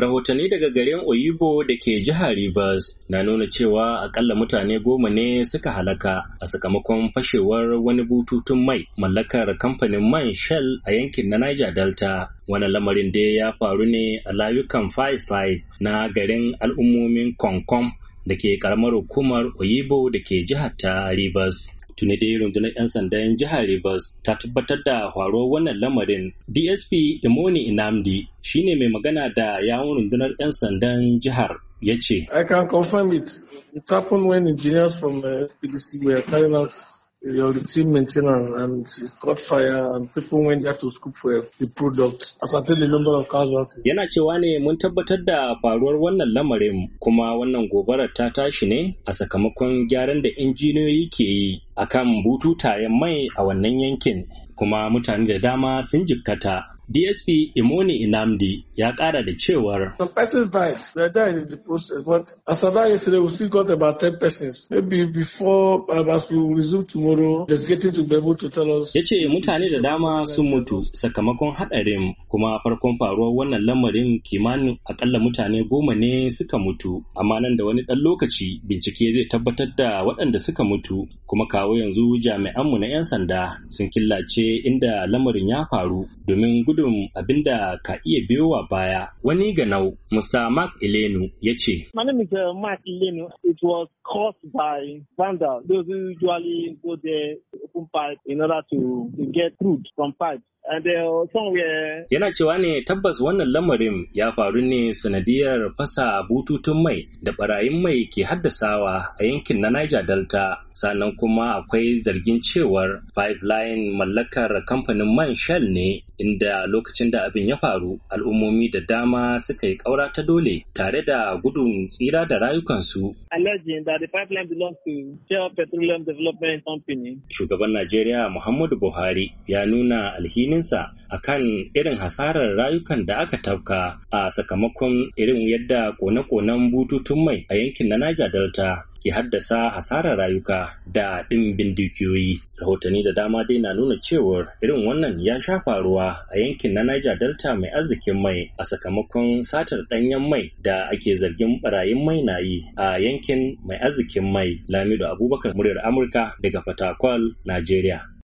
Rahotanni daga garin Oyibo da ke jihar Rivers na nuna cewa akalla mutane goma ne suka halaka a sakamakon fashewar wani bututun mai mallakar kamfanin man Shell a yankin na Niger Delta. Wani lamarin dai ya faru ne a layukan FiFi na garin al'ummomin Konkom da ke karamar hukumar Oyibo da ke jihar ta Rivers. tuni dai rundunar 'yan sandan jihar rivers ta tabbatar da faruwar wannan lamarin dsp imoni inamdi shine mai magana da yawon rundunar 'yan sandan jihar ya ce i can confirm it it happened when engineers from uh, pdc were carrying out your routine maintenance and it caught fire and people went there to scoop for the product ascertain the number of casualties. Yana cewa ne mun tabbatar da faruwar wannan lamarin kuma wannan gobarar ta tashi ne a sakamakon gyaran da injiniyoyi ke yi akan bututayen mai a wannan yankin kuma mutane da dama sun jikkata DSP Imoni Inamdi ya kara da cewar. Some persons died. They died in the process. But as of now yesterday, we still got about 10 persons. Maybe before um, as we resume tomorrow, getting to be able to tell us. Ya ce mutane da dama sun mutu sakamakon haɗarin kuma farkon faruwar wannan lamarin kimanin akalla mutane goma ne suka mutu amma nan da wani ɗan lokaci bincike zai tabbatar da waɗanda suka mutu kuma kawo yanzu jami'anmu na 'yan sanda sun killace inda lamarin ya faru domin gudun abin da ka iya biyowa baya wani ga nau musta mark ilenu ya ce uh, caused by vandals. Those who usually go there open pipe in order to, get food from pipe. Uh, Yana cewa ne tabbas wannan lamarin ya faru ne sanadiyar fasa bututun mai da barayin mai ke haddasawa a yankin na Niger Delta. Sannan kuma akwai zargin cewar pipeline mallakar kamfanin man Shell ne inda lokacin da abin ya faru al'ummomi da dama suka yi ƙaura ta dole tare da gudun tsira da rayukansu. Shugaban Najeriya Muhammadu Buhari ya nuna alhininsa a kan irin hasarar rayukan da aka tafka a sakamakon irin yadda kone-konen bututun mai a yankin na Niger Delta ke haddasa hasarar rayuka da ɗimbin dukiyoyi. Rahotanni da dama dai na nuna cewar irin wannan ya sha faruwa a yankin na Niger Delta mai arzikin mai a sakamakon satar ɗanyen mai da ake zargin barayin mai na yi a yankin mai arzikin mai. Lamido Abubakar muryar Amurka daga Fatakwal, Najeriya.